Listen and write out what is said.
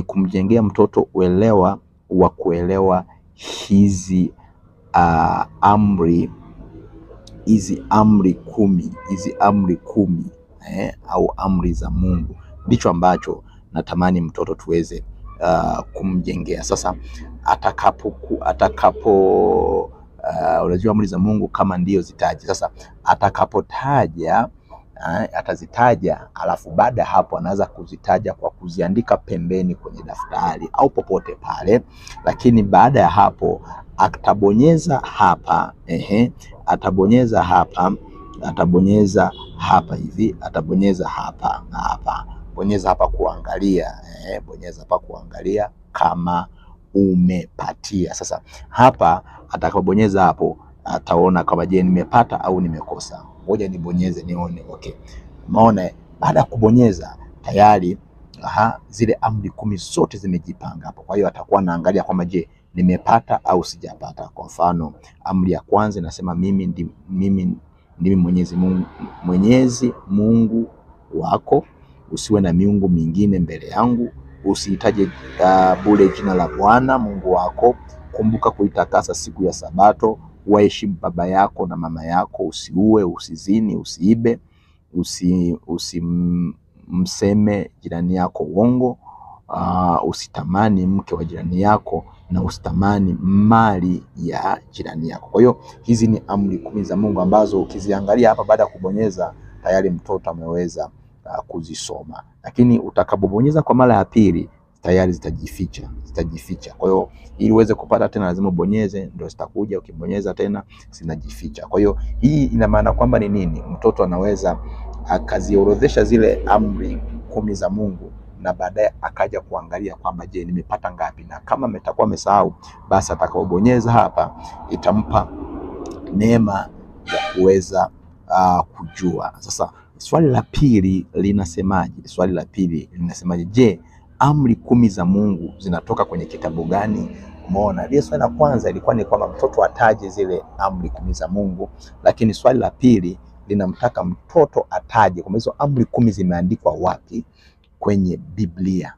ni kumjengea mtoto uelewa wa kuelewa hizi uh, amri hizi amri kumi hizi amri kumi eh, au amri za Mungu ndicho ambacho natamani mtoto tuweze uh, kumjengea. Sasa atakapo atakapo uh, unajua amri za Mungu kama ndio zitaji sasa atakapotaja Eh, atazitaja, alafu baada ya hapo anaweza kuzitaja kwa kuziandika pembeni kwenye daftari au popote pale, lakini baada ya hapo atabonyeza hapa ehe, atabonyeza hapa atabonyeza hapa hivi, atabonyeza hapa na hapa, bonyeza hapa kuangalia, ehe, bonyeza hapa kuangalia kama umepatia. Sasa hapa atakapobonyeza hapo ataona kama je, nimepata au nimekosa ngoja nibonyeze nione. Okay, umeona. Baada ya kubonyeza tayari, aha, zile amri kumi zote zimejipanga hapo. Kwa hiyo atakuwa anaangalia kwamba je, nimepata au sijapata. Kwa mfano, amri ya kwanza inasema mimi ndimi mimi, ndimi Mwenyezi Mungu, Mwenyezi Mungu wako, usiwe na miungu mingine mbele yangu, usihitaje uh, bure jina la Bwana Mungu wako, kumbuka kuitakasa siku ya Sabato waheshimu baba yako na mama yako, usiue, usizini, usiibe, usimseme usi jirani yako uongo, uh, usitamani mke wa jirani yako na usitamani mali ya jirani yako. Kwa hiyo hizi ni amri kumi za Mungu ambazo ukiziangalia hapa baada ya kubonyeza tayari mtoto ameweza uh, kuzisoma, lakini utakapobonyeza kwa mara ya pili tayari zitajificha, zitajificha. Kwa hiyo ili uweze kupata tena lazima ubonyeze, ndio zitakuja. Ukibonyeza tena zinajificha. Kwa hiyo hii ina maana kwamba ni nini? Mtoto anaweza akaziorodhesha zile amri kumi za Mungu na baadaye akaja kuangalia kwamba je, nimepata ngapi? Na kama ametakuwa amesahau, basi atakapobonyeza hapa itampa neema ya kuweza uh, kujua. Sasa swali la pili linasemaje? Swali la pili linasemaje? Je, amri kumi za Mungu zinatoka kwenye kitabu gani? Umeona, ile swali la kwanza ilikuwa ni kwamba mtoto ataje zile amri kumi za Mungu, lakini swali la pili linamtaka mtoto ataje kwamba hizo amri kumi zimeandikwa wapi kwenye Biblia.